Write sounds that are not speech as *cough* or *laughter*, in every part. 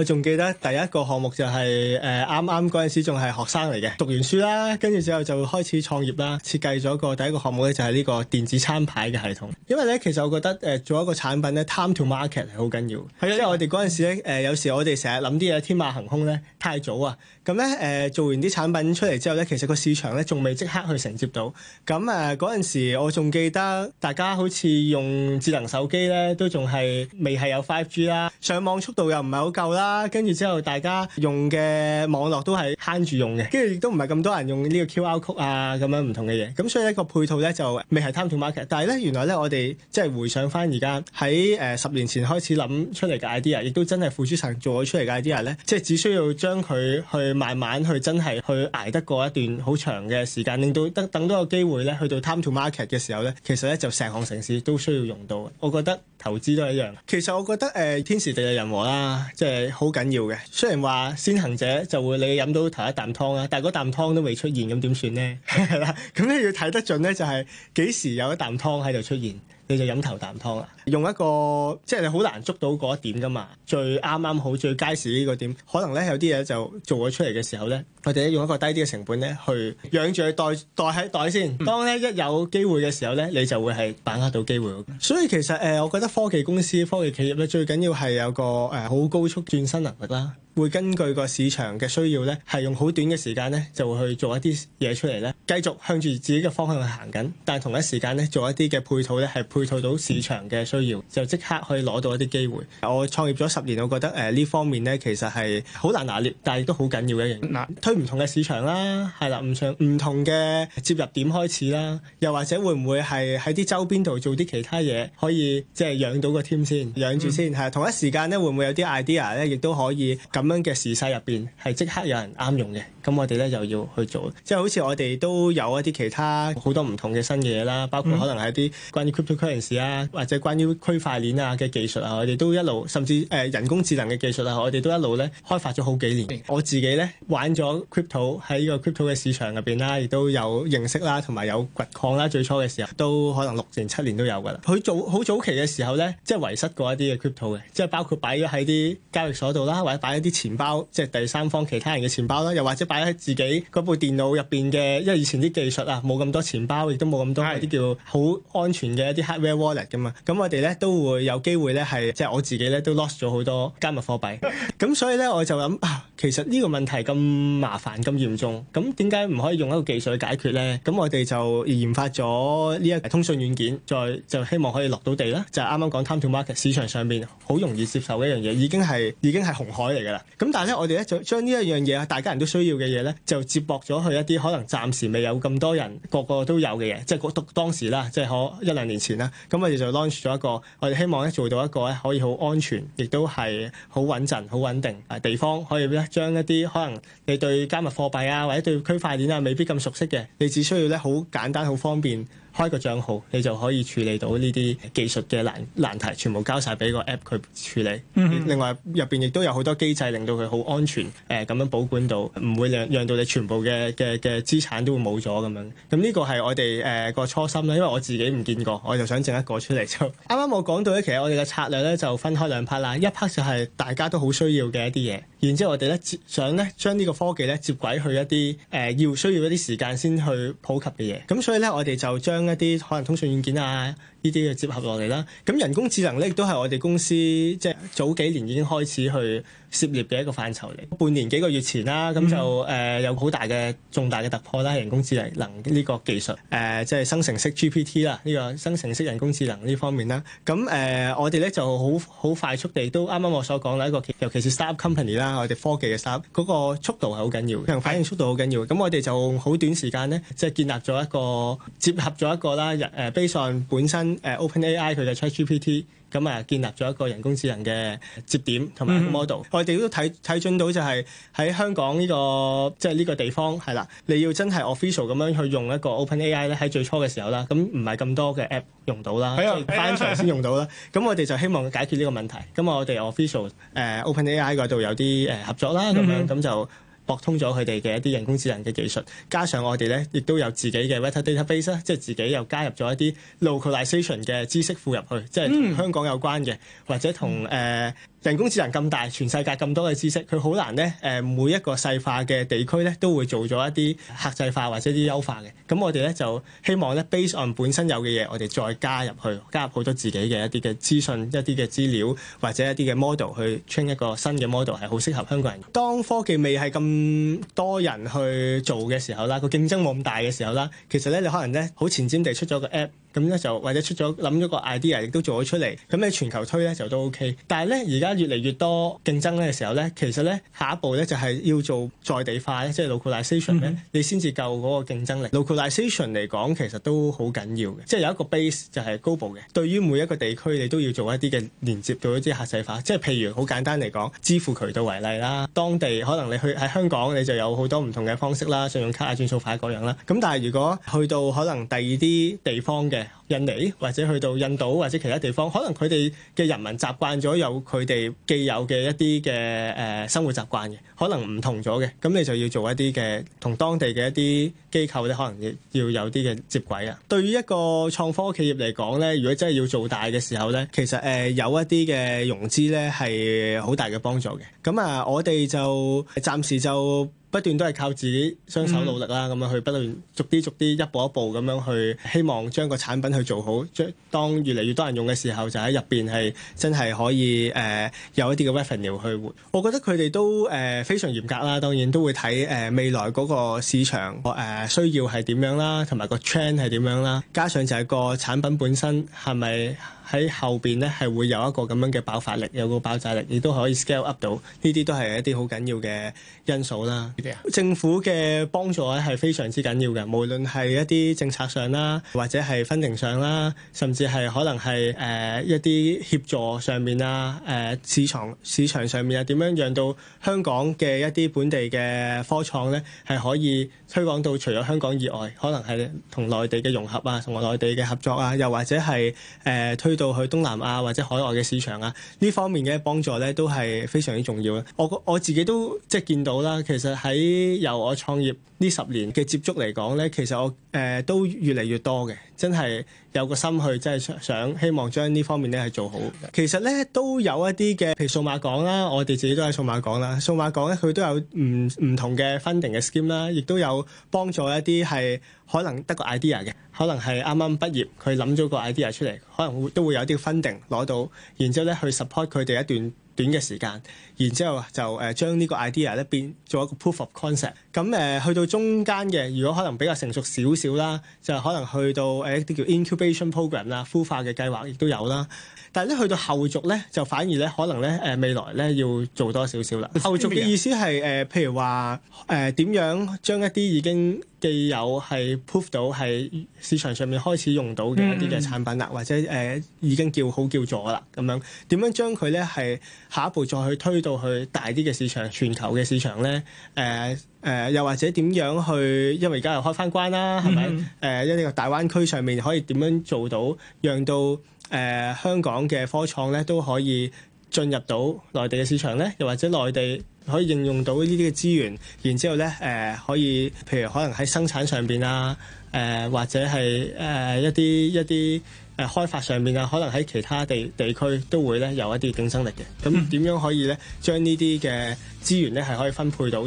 我仲記得第一個項目就係誒啱啱嗰陣時仲係學生嚟嘅，讀完書啦，跟住之後就開始創業啦，設計咗個第一個項目咧就係呢個電子餐牌嘅系統。因為咧其實我覺得誒做一個產品咧 *laughs* ，time to market 係好緊要。係啊的，因為我哋嗰陣時咧誒、 *laughs* 呃、有時我哋成日諗啲嘢天馬行空咧，太早啊。咁咧誒做完啲產品出嚟之後咧，其實個市場咧仲未即刻去承接到。咁誒嗰陣時我仲記得大家好似用智能手機咧，都仲係未係有 5G 啦，上網速度又唔係好夠啦。跟住之後，大家用嘅網絡都係慳住用嘅，跟住亦都唔係咁多人用呢個 QR Code 啊，咁樣唔同嘅嘢，咁所以呢、這個配套呢，就未係 time to market。但係呢，原來呢，我哋即係回想翻而家喺誒十年前開始諗出嚟嘅 idea，亦都真係付諸神做咗出嚟嘅 idea 呢，即係只需要將佢去慢慢去真係去捱得過一段好長嘅時間，令到等等多個機會呢去到 time to market 嘅時候呢，其實呢就成項城市都需要用到。我覺得投資都係一樣。其實我覺得誒、呃、天時地利人和啦，即係。好緊要嘅，雖然話先行者就會你飲到頭一啖湯啦，但係嗰啖湯都未出現，咁點算咧？係啦，咁你要睇得準咧，就係幾時有一啖湯喺度出現，你就飲頭啖湯啦。用一個即係你好難捉到嗰一點噶嘛，最啱啱好、最佳時呢個點，可能咧有啲嘢就做咗出嚟嘅時候咧，我哋用一個低啲嘅成本咧去養住佢，袋袋喺袋先。當咧一有機會嘅時候咧，你就會係把握到機會。嗯、所以其實誒、呃，我覺得科技公司、科技企業咧最緊要係有個誒好、呃、高速轉身能力啦，會根據個市場嘅需要咧，係用好短嘅時間咧就會去做一啲嘢出嚟咧，繼續向住自己嘅方向去行緊，但係同一時間咧做一啲嘅配套咧，係配套到市場嘅需。就即刻去攞到一啲機會。我創業咗十年，我覺得誒呢、呃、方面咧，其實係好難拿捏，但係亦都好緊要嘅一樣。嗱、嗯，推唔同嘅市場啦，係啦，唔同唔同嘅接入點開始啦，又或者會唔會係喺啲周邊度做啲其他嘢，可以即係養到個 team 先，養住先。係、嗯、同一時間咧，會唔會有啲 idea 咧，亦都可以咁樣嘅時勢入邊係即刻有人啱用嘅？咁我哋咧又要去做。即係好似我哋都有一啲其他好多唔同嘅新嘅嘢啦，包括可能係啲關於 cryptocurrency 啊，或者關區塊鏈啊嘅技術啊，我哋都一路甚至誒、呃、人工智能嘅技術啊，我哋都一路咧開發咗好幾年。我自己咧玩咗 crypto 喺呢個 crypto 嘅市場入邊啦，亦都有認識啦、啊，同埋有掘礦啦、啊。最初嘅時候都可能六年七年都有噶啦。佢做好早期嘅時候咧，即係遺失過一啲嘅 crypto 嘅，即係包括擺咗喺啲交易所度啦，或者擺咗啲錢包，即係第三方其他人嘅錢包啦，又或者擺咗喺自己嗰部電腦入邊嘅，因為以前啲技術啊冇咁多錢包，亦都冇咁多啲叫好安全嘅一啲 hardware wallet 噶嘛。咁啊～哋咧都會有機會咧係即係我自己咧都 lost 咗好多加密貨幣，咁所以咧我就諗啊，其實呢個問題咁麻煩咁嚴重，咁點解唔可以用一個技術去解決咧？咁我哋就研發咗呢一個通訊軟件，再就希望可以落到地啦。就啱啱講，Time to Market 市場上邊好容易接受嘅一樣嘢，已經係已經係紅海嚟㗎啦。咁但係咧，我哋咧就將呢一樣嘢大家人都需要嘅嘢咧，就接駁咗去一啲可能暫時未有咁多人個個都有嘅嘢，即係嗰當時啦，即係可一兩年前啦。咁我哋就 launch 咗。個我哋希望咧做到一個咧可以好安全，亦都係好穩陣、好穩定嘅地方，可以咧將一啲可能你對加密貨幣啊，或者對區塊鏈啊，未必咁熟悉嘅，你只需要咧好簡單、好方便。開個賬號，你就可以處理到呢啲技術嘅難難題，全部交晒俾個 app 佢處理。Mm hmm. 另外入邊亦都有好多機制，令到佢好安全，誒、呃、咁樣保管到，唔會讓讓到你全部嘅嘅嘅資產都會冇咗咁樣。咁呢個係我哋誒個初心啦，因為我自己唔見過，我就想整一個出嚟就。啱啱我講到咧，其實我哋嘅策略咧就分開兩 part 啦，一 part 就係大家都好需要嘅一啲嘢，然之後我哋咧想上咧將呢個科技咧接軌去一啲誒要需要一啲時間先去普及嘅嘢。咁所以咧我哋就將一啲可能通訊軟件啊，呢啲嘅接合落嚟啦，咁人工智能咧亦都係我哋公司即係、就是、早幾年已經開始去涉獵嘅一個範疇嚟。半年幾個月前啦，咁就誒、嗯呃、有好大嘅重大嘅突破啦，人工智能能呢個技術誒即係生成式 GPT 啦、這個，呢個生成式人工智能呢方面啦。咁、呃、誒我哋咧就好好快速地都啱啱我所講啦，一個，尤其是 startup company 啦，我哋科技嘅 startup 𠮶 個速度係好緊要，人、嗯、反應速度好緊要。咁我哋就好短時間咧，即、就、係、是、建立咗一個結合咗一個啦，誒、呃、base 上本身。誒 OpenAI 佢就 ChatGPT，咁啊建立咗一個人工智能嘅節點同埋 model、mm。Hmm. 我哋都睇睇準到就係喺香港呢、呢個即係呢個地方係啦，你要真係 official 咁樣去用一個 OpenAI 咧，喺最初嘅時候啦，咁唔係咁多嘅 app 用到啦，即係 *music* 翻牆先用到啦。咁 *music* 我哋就希望解決呢個問題。咁我哋 official 誒、uh, OpenAI 嗰度有啲誒合作啦，咁樣咁就。駁通咗佢哋嘅一啲人工智能嘅技術，加上我哋咧亦都有自己嘅 water database 啊，即係自己又加入咗一啲 localization 嘅知識庫入去，即係同香港有關嘅，或者同誒、嗯呃、人工智能咁大、全世界咁多嘅知識，佢好難咧誒、呃、每一個細化嘅地區咧都會做咗一啲客製化或者啲優化嘅。咁我哋咧就希望咧 base on 本身有嘅嘢，我哋再加入去，加入好多自己嘅一啲嘅資訊，一啲嘅資料或者一啲嘅 model 去 train 一個新嘅 model 係好適合香港人。當科技未係咁咁多人去做嘅時候啦，個競爭冇咁大嘅時候啦，其實咧你可能咧好前瞻地出咗個 app。咁咧就或者出咗諗咗個 idea，亦都做咗出嚟。咁你全球推咧就都 OK。但係咧而家越嚟越多競爭咧嘅時候咧，其實咧下一步咧就係、是、要做在地化咧，即、就、係、是、localization 咧、mm，hmm. 你先至夠嗰個競爭力。Mm hmm. localization 嚟講其實都好緊要嘅，即係有一個 base 就係 global 嘅。對於每一個地區你都要做一啲嘅連接到一啲客製化。即係譬如好簡單嚟講支付渠道為例啦，當地可能你去喺香港你就有好多唔同嘅方式啦，信用卡啊、轉數快嗰樣啦。咁但係如果去到可能第二啲地方嘅，印尼或者去到印度或者其他地方，可能佢哋嘅人民習慣咗有佢哋既有嘅一啲嘅誒生活習慣嘅，可能唔同咗嘅，咁你就要做一啲嘅同當地嘅一啲機構咧，可能亦要有啲嘅接軌啊。對於一個創科企業嚟講咧，如果真係要做大嘅時候咧，其實誒有一啲嘅融資咧係好大嘅幫助嘅。咁啊，我哋就暫時就。不斷都係靠自己雙手努力啦，咁樣去不斷逐啲逐啲一步一步咁樣去，希望將個產品去做好。將當越嚟越多人用嘅時候，就喺入邊係真係可以誒、呃、有一啲嘅 Revenue 去活。我覺得佢哋都誒、呃、非常嚴格啦，當然都會睇誒、呃、未來嗰個市場誒、呃、需要係點樣啦，同埋個 Trend 係點樣啦。加上就係個產品本身係咪？喺後邊呢，係會有一個咁樣嘅爆發力，有個爆炸力，亦都可以 scale up 到。呢啲都係一啲好緊要嘅因素啦。政府嘅幫助咧係非常之緊要嘅，無論係一啲政策上啦，或者係分庭上啦，甚至係可能係誒、呃、一啲協助上面啊、誒、呃、市場市場上面啊，點樣讓到香港嘅一啲本地嘅科創呢，係可以推廣到除咗香港以外，可能係同內地嘅融合啊，同內地嘅合作啊，又或者係誒、呃、推到去東南亞或者海外嘅市場啊，呢方面嘅幫助咧都係非常之重要啊！我我自己都即係見到啦，其實喺由我創業呢十年嘅接觸嚟講咧，其實我誒、呃、都越嚟越多嘅。真係有個心去，真係想希望將呢方面咧係做好。其實咧都有一啲嘅，譬如數碼港啦，我哋自己都喺數碼港啦。數碼港咧佢都有唔唔同嘅 funding 嘅 scheme 啦，亦都有幫助一啲係可能得個 idea 嘅，可能係啱啱畢業佢諗咗個 idea 出嚟，可能會都會有啲 funding 攞到，然之後咧去 support 佢哋一段。短嘅時間，然之後就誒將呢個 idea 咧變做一個 proof of concept、嗯。咁、呃、誒去到中間嘅，如果可能比較成熟少少啦，就可能去到誒一啲叫 incubation program 啦，孵化嘅計劃亦都有啦。但係咧去到後續咧，就反而咧可能咧誒、呃、未來咧要做多少少啦。後續嘅意思係誒、呃，譬如話誒點樣將一啲已經。既有係 prove 到係市場上面開始用到嘅一啲嘅產品啦，嗯嗯或者誒、呃、已經叫好叫座啦咁樣，點樣將佢咧係下一步再去推到去大啲嘅市場、全球嘅市場咧？誒、呃、誒、呃，又或者點樣去？因為而家又開翻關啦，係咪？誒、嗯嗯呃，一呢個大灣區上面可以點樣做到，讓到誒、呃、香港嘅科創咧都可以。進入到內地嘅市場呢，又或者內地可以應用到呢啲嘅資源，然之後呢，誒、呃、可以，譬如可能喺生產上邊啊，誒、呃、或者係誒、呃、一啲一啲誒開發上面啊，可能喺其他地地區都會呢有一啲競爭力嘅。咁點、嗯、樣可以呢？將呢啲嘅資源呢，係可以分配到？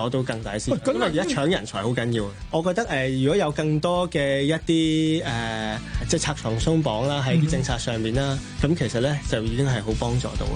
攞到更大先，咁咪而家搶人才好緊要。 *noise* 我覺得誒、呃，如果有更多嘅一啲誒、呃，即係拆牆鬆綁啦，喺政策上面啦，咁、mm hmm. 其實咧就已經係好幫助到。